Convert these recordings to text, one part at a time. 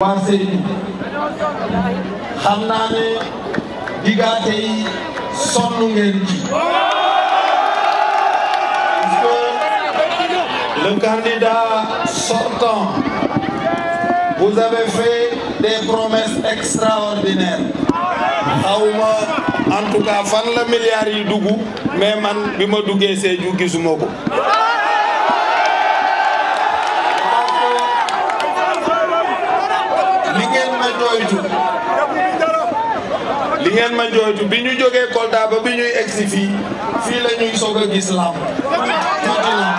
waa sëñ bi xam naa ne digaate yi sonn ngeen ci. Le candidat sortant, vous avez fait des promesses extraordinaires. xawma en tout cas fan la milliards yi dugg mais man bi ma duggee ju gisuma ko. li ngeen ma jooytu bi ñu jógee Kolda ba bi ñuy egsi fii fii la ñuy soog a gis làmb tuuti làmb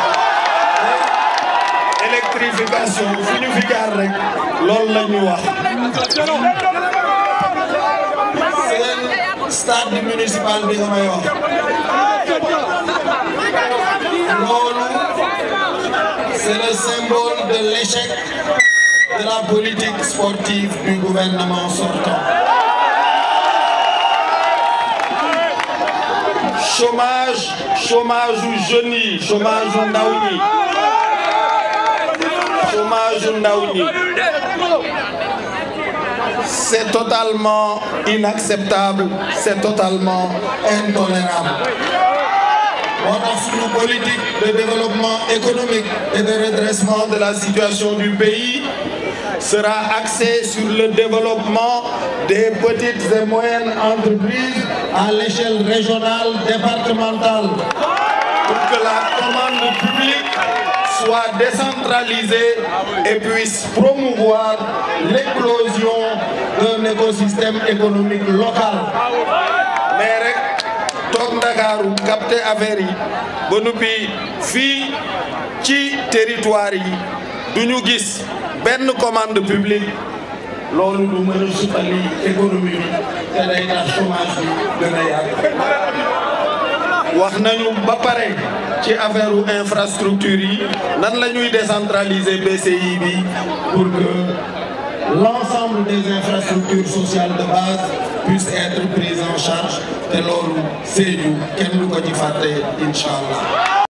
ñu fi jaar rek loolu la ñu wax seen stade municipal bi nga may loolu c'est le symbole de l'échec de la politique sportive du gouvernement sortant. Chômage, chômage ou jeuni, chômage ou naouni. Chômage ou C'est totalement inacceptable, c'est totalement intolérable moo politique de développement économique et de redressement de la situation du pays sera axée sur le développement des petites et moyennes entreprises à l'échelle régionale, départementale, pour que la commande publique soit décentralisée et puisse promouvoir l'éclosion d'un écosystème économique local. Mais toog capté affaire yi ba nuppi ci territoire yi Ben ben commande publique loolu du mën a économie bi day chômage de gën a yàgg wax nañu ba pare ci affaire infrastructure yi nan la nuit décentraliser BCI pour que l'ensemble des infrastructures sociales de base puissent être prises en charge te loolu Sédhiou kenn du ko ci fàtte incha allah.